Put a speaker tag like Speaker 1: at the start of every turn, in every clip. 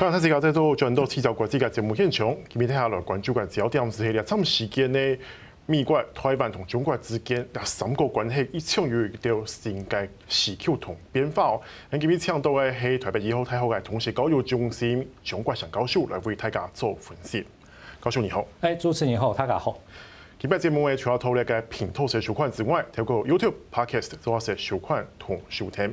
Speaker 1: 今日我哋嘅節目都轉到氣候關節目現場，今哋睇下來關注個焦點是事係點。時間時美國台灣同中國之間啊，三角關係，一場要到新嘅時區同變化。喺今日請到嘅係台北醫學大學嘅通識教育中心張國城教授來為大家做分析。教授你好，誒，主持人你好，大家好。今日節目除咗討論嘅平臺式收看之外，透過 YouTube、Podcast 做下式收看同收聽。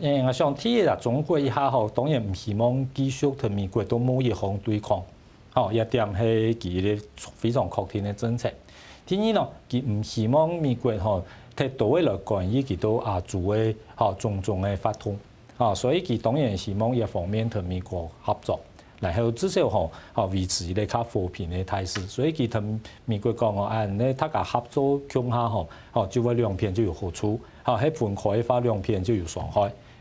Speaker 2: 誒像、嗯、天嘅啊，中國伊下吼，當然毋希望繼續同美國到某一方對抗，哦，一點係佢哋非常確定誒政策。第二咯，伊毋希望美國吼摕倒誒老幹員佢都啊做誒吼重重誒法統，吼、哦，所以佢當然希望一方面同美國合作，然後至少吼吼維持一個較和平誒態勢。所以佢同美國講吼，安尼他甲合作向下吼吼，做、哦、翻兩片就有好處吼，迄分開發兩片就有傷害。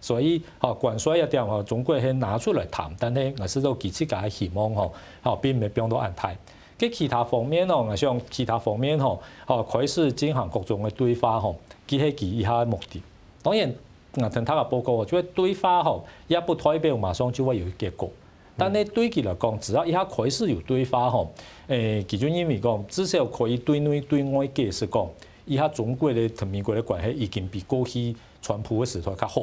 Speaker 2: 所以吼關稅一定吼中國係拿出來談，但若是始其自家的希望吼並並未變到安泰。計、哦、其他方面吼若、啊、像其他方面吼吼開始進行各種嘅對話吼，基、哦、喺其他，他，他的目的。當然，若像他嘅報告，即係對話吼，也、哦、不代表馬上就會有結果。嗯、但係對佢來講，只要一下開始有對話吼，誒、呃，其實因為講至少可以對內對外嘅，是講伊遐中國嘅同美國誒關係已經比過去川普誒時代較好。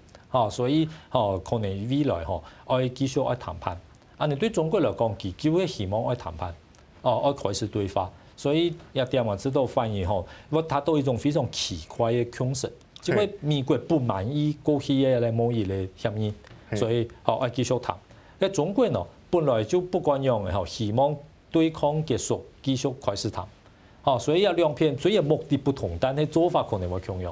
Speaker 2: 哦，所以哦，可能未來吼，愛繼續愛談判。啊，你對中國嚟講，佢叫佢希望愛談判，哦，愛開始對話。所以一啲人話知道反映哦，因為達到一種非常奇怪的趨勢，即係美國不滿意過去嘅嚟貿易嚟協議，所以哦愛繼續談。嘅嘿中國呢，本來就不慣用吼，希望對抗結束，繼續開
Speaker 1: 始談哦，所以有兩邊雖然目的不同，但係做法可能會迥樣。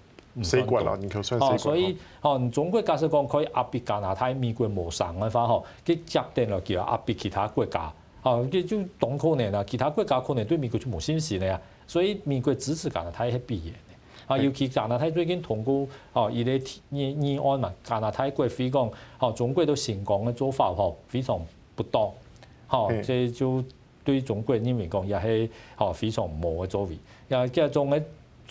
Speaker 2: 四國啦，哦，所以，哦，中國假使講可以壓逼加拿大、美國無勝嘅方法，嗬，佢集電落去壓逼其他國家，哦，佢就同可能啦、啊，其他國家可能對美國就無什麼事咧、啊、所以美國支持加拿大係必然嘅，啊，嗯、尤其加拿大最近通過，哦，依啲議案嘛，加拿大國非講，哦，中國都成功嘅做法吼，非常不當，
Speaker 1: 嗬，即
Speaker 2: 就對中國，人民講，也係，哦，非常唔好嘅作為，又加上咧。